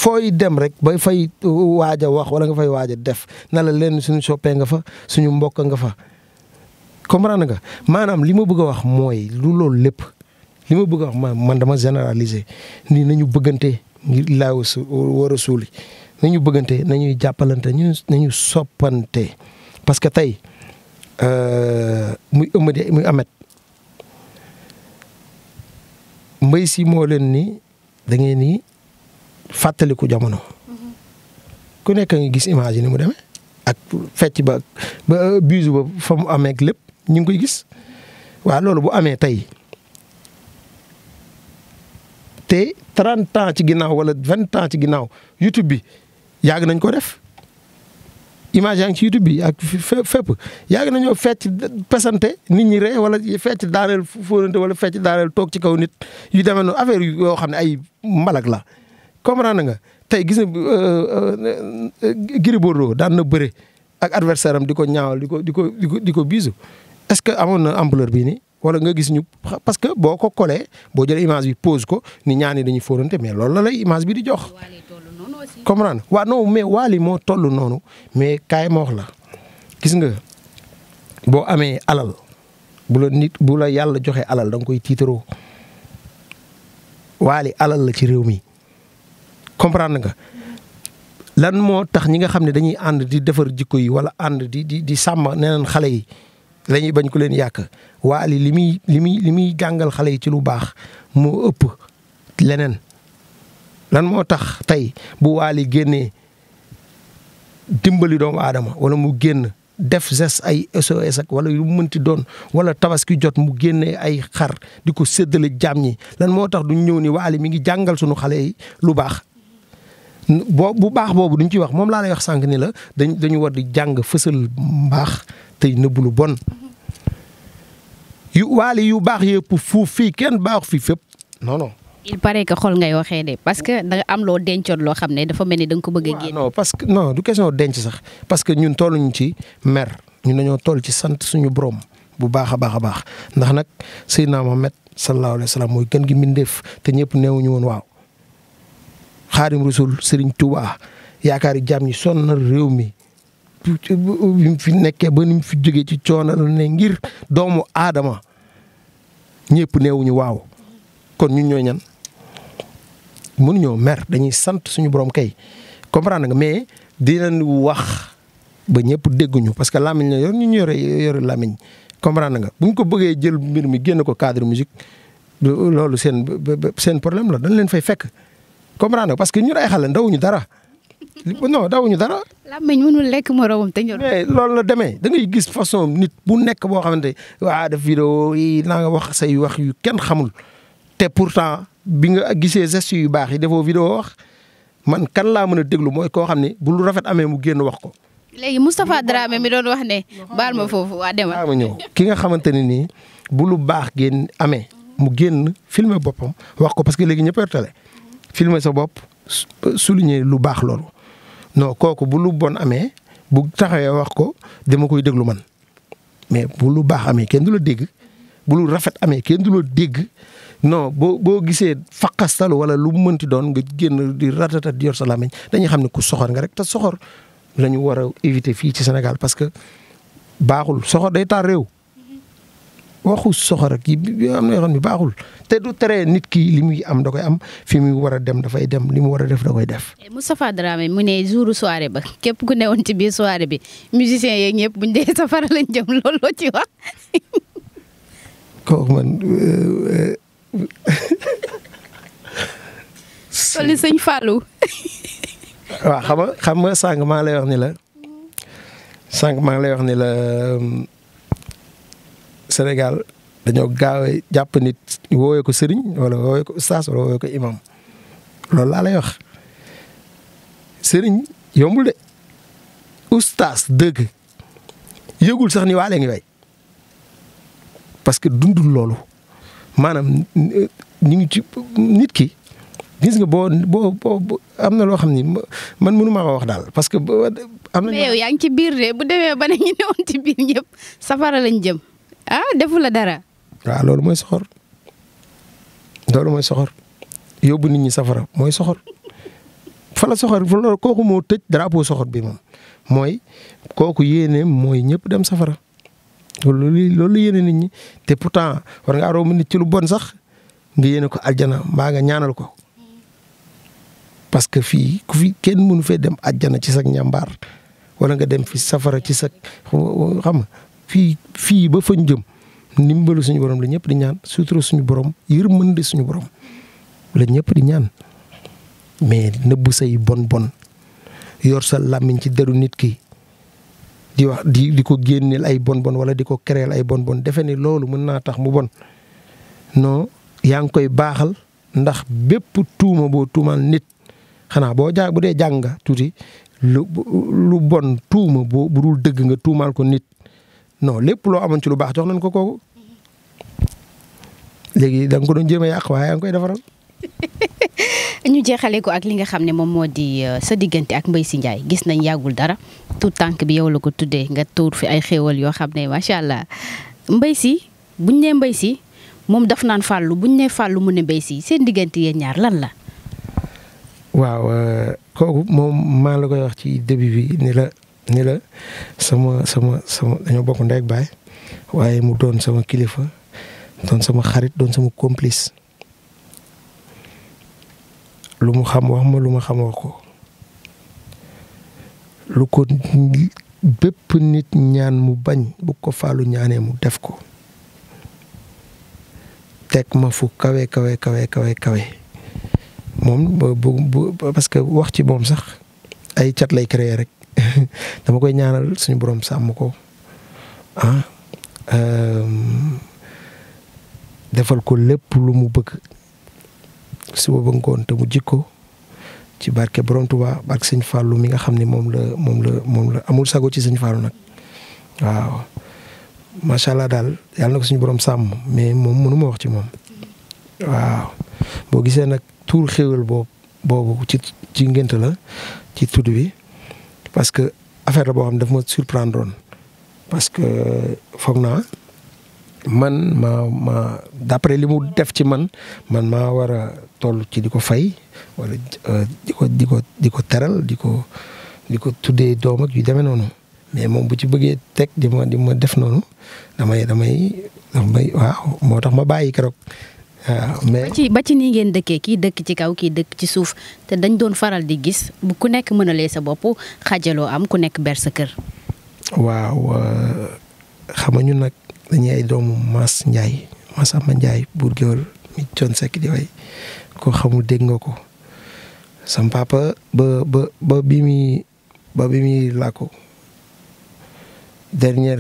fooy dem rek ba fay waaj a wax wala nga fay waaj a def na la leen suñu soppee nga fa suñu mbokk nga fa. comprendre nga maanaam li ma bëgg a wax mooy lu loolu lépp li ma bëgg a wax ma man dama généraliser nii nañu bëggante ngir laaw su war a suuli nañu bëggante nañuy jàppalante ñu nañu soppante parce que tey euh, muy muy amet mbay si moo leen ni da ngeen fàttaliku jamono ku nekk ngi gis image ni mu demee ak fecc ba ba euh, bisu ba fa mu amee lépp ñu ngi koy gis waaw loolu bu amee tey te 30 ans ci ginnaaw wala 20 ans ci ginnaaw YouTube bi yàgg nañ ko def image yaa ngi ci YouTube bi ak fépp yàgg nañoo fecc pesante nit ñi ree wala fecc daaneel fóonante wala fecc daaneel toog ci kaw nit yu demee noonu affaire yoo xam ne ay mbalak la comprendre nga tey gis na euh, euh, euh, Gris Bordeaux daan na bëre ak adversaire am di ko ñaawal di ko di ko di ko di ko biisu est-ce que amoon na ampleur bii ni wala nga gis ñu parce que boo ko collé boo jëlee image bi pose ko ni ñaani dañu foorante mais loolu la lay bi di jox. comprendre waa non mais waali moo toll noonu mais kaay ma wax la gis nga boo amee alal bu la nit yàlla joxe alal danga koy tiitaroo waali alal la ci réew mi. comprendre nga lan moo tax ñi nga xam ne dañuy ànd di defar jikko yi wala ànd di di di sàmm neneen xale yi lañuy bañ ko leen yàq waali li muy li muy li muy jàngal xale yi ci lu baax mu ëpp leneen lan moo tax tey bu waali génnee dimbali doomu aadama wala mu génn def geste ay SOS ak wala yu mënti doon wala tabaski jot mu génne ay xar di ko séddale jaam ñi lan moo tax du ñëw ni waali mi ngi jàngal sunu xale yi lu baax boo bu baax boobu duñ ci wax moom laa lay wax sànq ni la dañ dañu war di jàng fësal mbaax tey nëbbu lu bon. yu waale yu baax yëpp fuuf fii kenn baax fii fépp non non. il paraît que xol ngay waxee de parce que da am loo dencoon loo xam ne dafa mel ni da ko bëggee a génn. parce que non du question denc sax parce que ñun tolluñu ci mer ñun dañoo toll ci sant suñu borom bu baax a baax a baax ndax nag Seydina Mohamed sallallahu alayhi wa sallam mooy gën gi mbindeef te ñëpp neewuñu woon waaw. xaarim rasul Serigne Touba yaakaari jàmm ñi sonnal réew mi bi mu fi nekkee ba ni mu fi jógee ci coono ne ngir doomu aadama ñëpp neewuñu waaw kon ñun ñooy ñan mënuñoo mer dañuy sant suñu borom kay comprendre nga mais dinañ wax ba ñëpp dégguñu parce que làmmiñ la yor ñu ñu yore yore làmmiñ comprendre nga bu ñu ko bëggee jël mbir mi génn ko cadre musique loolu seen seen problème la dañ leen fay fekk. comprendre parce que ñu ay xale ndawuñu dara. non dawuñu dara. làmmiñ mënul lekk moroomam te loolu la demee da ngay gis façon nit bu nekk boo xamante waa def vidéo yi naa nga wax say wax yu kenn xamul te pourtant bi nga gisee gestes yu baax yi defoo vidéo wax man kan laa mën a déglu mooy koo xam ne bu lu rafet amee mu génn wax ko. léegi Moustapha Dramé mi doon wax ne baal ma foofu waa demal. ki nga xamante ne nii bu lu baax génn amee mu génn filmer boppam wax ko parce que léegi ñëpp a télé filmer sa bopp souligner lu baax loolu non kooku bu lu bon amee bu taxawee wax ko dama koy déglu man mais bu lu baax amee kenn du la dégg bu lu rafet amee kenn du la dégg non boo boo gisee faqastalu wala lu mu mënti doon nga génn di ratatat yor sa làmmiñ dañuy xam ne ku soxor nga rek te soxor la ñu war a éviter fii ci Sénégal parce que baaxul soxor day taal réew. waxu soxor ak yi am na yoo xam baaxul te du tere nit ki li muy am da koy am fi mu war a dem dafay dem li mu war a def da koy def. Eh, Moustapha Dramé mu ne jour soirée ba képp ku newoon ci biir soirée bi musiciens yeeg ñëpp buñ dee safara lañ jëm looloo ci wax. kooku man. Euh, euh, soli sëñ Fallou. waaw xam nga xam nga sànq ni la sànq maa ngi lay wax ni la. Euh, Sénégal dañoo gaaw jàpp nit woowee ko sëriñ wala woowee ko ustaas wala woowee ko imam loolu laa lay wax sëriñ yombul de ustaas dëgg yëgul sax ni waalee ngi way parce que dundul loolu maanaam ñu ngi ci nit ki gis nga boo boo boo am na loo xam ni man mënu maa ko wax daal parce que. am na mais yow yaa ngi ci biir de bu demee ba ne ñu newoon ci biir ñëpp safara lañ jëm. ah defu la dara. waaw loolu mooy soxor loolu mooy soxor yóbbu nit ñi safara mooy soxor fa la soxor fa kooku moo tëj drapeau soxor bi moom mooy kooku yéeneem mooy ñëpp dem safara loolu loolu yéene nit ñi te pourtant war nga romb nit ci lu bon sax nga yéene ko aljana maa nga ñaanal ko parce que fii ku fi kenn mënu fee dem aljana ci sa njàmbaar wala nga dem fi safara ci sa xam fii fii ba fañ jëm ndimbalu suñu borom la ñëpp di ñaan sutura suñu borom yërmande suñu borom la ñëpp di ñaan mais nëbbu say bon bon yor sa làmmiñ ci deru nit ki di wax di di ko génneel ay bon bon wala di ko créer ay bon bon defe ni loolu mën naa tax mu bon non yaa ngi koy baaxal ndax bépp tuuma boo tuumal nit xanaa boo jaa bu dee jàng nga tuuti lu bon tuuma bu dul dëgg nga tuumaal ko nit non lépp loo amoon ci lu baax jox nañ ko kooku léegi da nga ko doon jéem a waaye yaa koy defaral. ñu jeexale ko ak li nga xam ne moom moo di euh, sa diggante ak mbay si Ndiaye gis nañ yàggul dara tout tànk bi yow la ko tuddee nga tuur fi ay xéewal yoo xam ne macha allah mbay si buñ nee mbay si moom daf naan fàllu buñ ne fàllu mu ne mbay si seen diggante yéen ñaar lan la. waaw euh, kooku moom maa la koy wax ci début bi ni la ni la sama sama sama dañoo bokk ndey ak baay waaye mu doon sama kilifa doon sama xarit doon sama complice lu mu xam wax ma lu ma xam wax ko lu ko bépp nit ñaan mu bañ bu ko faalu ñaanee mu def ko teg ma fu kawe kawe kawe kawe kawe moom bu bu parce que wax ci moom sax ay cat lay créer rek dama koy ñaanal suñu boroom sàmm ko ah euh, defal ko lépp lu mu bëgg suba ba ngoon te mu jikko ci barke borom Tuubaa barke sëñ Fallou mi nga xam ni moom la moom la moom la amul sago ci sëñ Fallou nag waaw macha allah daal yàlla na ko suñu borom sàmm mais moom mënu ma wax ci moom waaw boo gisee nag tuur xéwal boobu boobu ci ci ngént la ci tudd bi. parce que affaire la boo xam ne daf ma surprendre woon parce que euh, foog naa man maa ma d'après li mu def ci man man maa war a toll ci di ko fay wala euh, di ko di ko di ko teral di ko di ko tuddee doom ak yu demee noonu mais moom bu ci bëggee teg di ma di ma def noonu damay damay damay waaw moo tax ma bàyyi keroog waaw mais ba ci ba nii ngeen dëkkee kii dëkk ci kaw kii dëkk ci suuf te dañ doon faral di gis bu ku nekk mënalee sa bopp xajaloo am ku nekk ber sa kër. waaw euh, xam nga ñu nag dañuy ay doomu mas Ndiaye Mass Ama Ndiaye buur géwël mi Thione Seck di way koo xamul dégg nga ko sam papa ba ba ba bi muy ba bi muy làkku dernier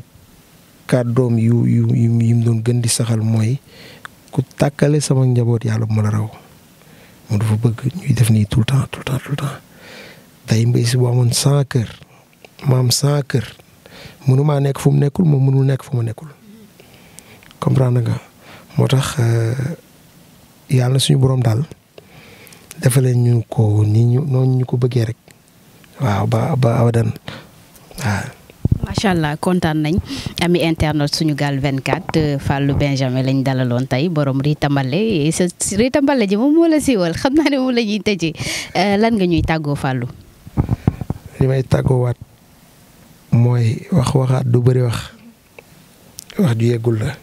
kàddoom yu yu yu mu doon gën di saxal mooy. ku tàkkale sama njaboot yàlla bu ma la raw moom dafa bëgg ñuy def nii tout le temps tout le temps tout le temps tey mbéy si boo amoon cent kër maam cent kër mënumaa nekk fu mu nekkul moom mënul nekk fu mu nekkul comprendre nga moo tax euh, yàlla suñu borom daal defalee ñu ko ni ko bëggee rek waaw ba macha allah kontaan nañ ami internet suñu gaal 24 euh, Fallou Benjamin lañ dalaloon tey borom Rita Mbalé sa Rita Mbalé ji moom moo la siiwal xam naa ne moom la ñuy ji euh, lan nga ñuy tàggoo Fallou. li may tàggoowaat mooy wax waxaat du bari wax wax ju yeggul la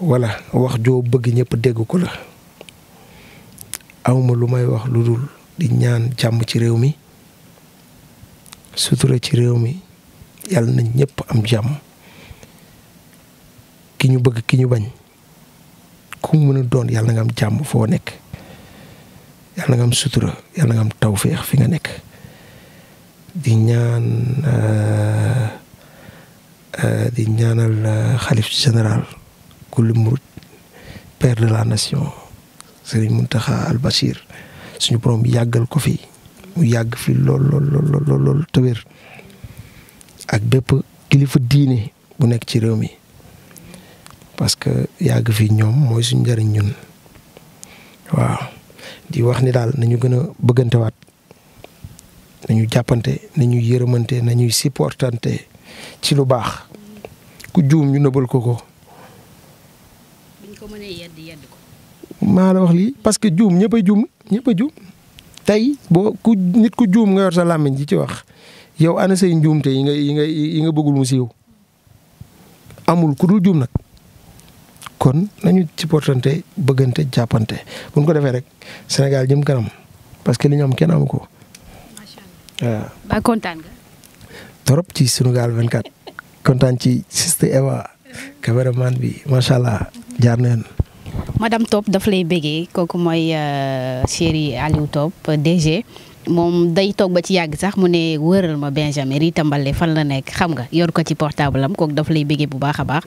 wala wax joo bëgg ñëpp dégg ko la awma lu may wax lu dul di ñaan jàmm ci réew mi sutura ci réew mi. yàlla nañ ñëpp am jàmm ki ñu bëgg ki ñu bañ ku mu mën a doon yàlla nga am jàmm foo nekk yàlla nga am sutura yàlla nga am tawféex fi nga nekk di ñaan euh, euh, di ñaanal euh, xalif général kullu murid père de la nation Serigne Mountakha taxa Bachir suñu borom yàggal ko fi mu yàgg fi lool lool lool lool ak bépp kilifa diine bu nekk ci réew mi parce que yàgg fii ñoom mooy suñu njëriñ ñun waaw di wax ni daal nañu gën a bëggantewaat nañu jàppante nañuy yërëmante nañuy supportante ci lu baax ku juum ñu nëbal ko ko. biñ maa la wax lii parce que juum ñëpp a juum ñëpp tey boo ku nit ku juum nga yor sa làmmiñ ji ci wax. yow ana say njuumte yi nga yi nga yi nga bëggul mu siiw amul ku dul juum nag kon nañu ci portante bëggante jàppante bu ñu ko defee rek Sénégal jëm kanam parce que li ñu am ko. macha trop ci Sunugal 24 kontaan ci Siste Eva cameraman bi macha allah jaar na yoon madame Top daf lay bégee kooku mooy euh, chéri Aliou Top DG. moom day toog ba ci yàgg sax mu ne wëral ma Benjamin Rita Mballe fan la nekk xam nga yor ko ci portable am kooku daf lay béggee bu baax a baax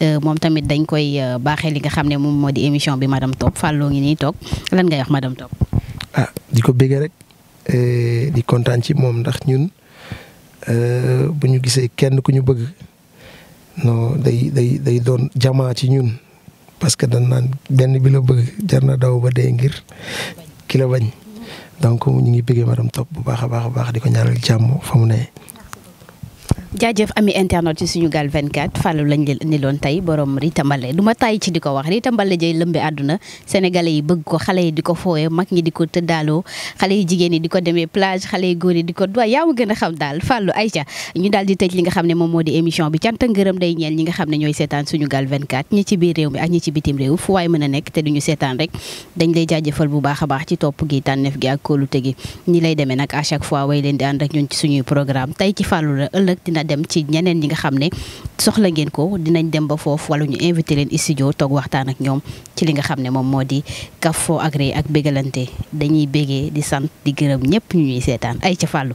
euh, moom tamit dañ koy euh, baaxee li nga xam ne moom moo di émission bi madame Top Fallou ngi nii toog lan ngay wax madame Top. ah di ko béggee rek euh, di kontaan ci moom ndax ñun bu ñu gisee kenn ku ñu bëgg non day day day doon jamaa ci ñun parce que dañ naan benn bi la bëgg jar na daw ba dee ngir ki la donc ñu ngi bëggee madame Top bu baax a baax a baax di ko ñaanal jàmm fa mu ne jaajëf ami internet ci suñu gaal 24 Fallou lañ leen indiloon tey borom Rita Mbalé du ma ci di ko wax Rita Mbalé jëy lëmbe àdduna sénégalais yi bëgg ko xale yi di ko fooye mag ñi di ko tëddaaloo xale yi jigéen di ko demee plage xale yi góor di ko doy yaa ma gën a xam daal Fallou Aïcha ñu daal di tëj li nga xam ne moom moo di émission bi cant ngërëm day ñeel ñi nga xam ne ñooy seetaan suñu gaal 24 ñi ci biir réew mi ak ñi ci bitim réew a nekk te duñu dem ci ñeneen ñi nga xam ne soxla ngeen ko dinañ dem ba foofu wala ñu invité leen studio toog waxtaan ak ñoom ci li nga xam ne moom moo di kafoo agré ak bégalante dañuy bégee di sant di gërëm ñëpp ñu ñuy seetaan ay ca fàllu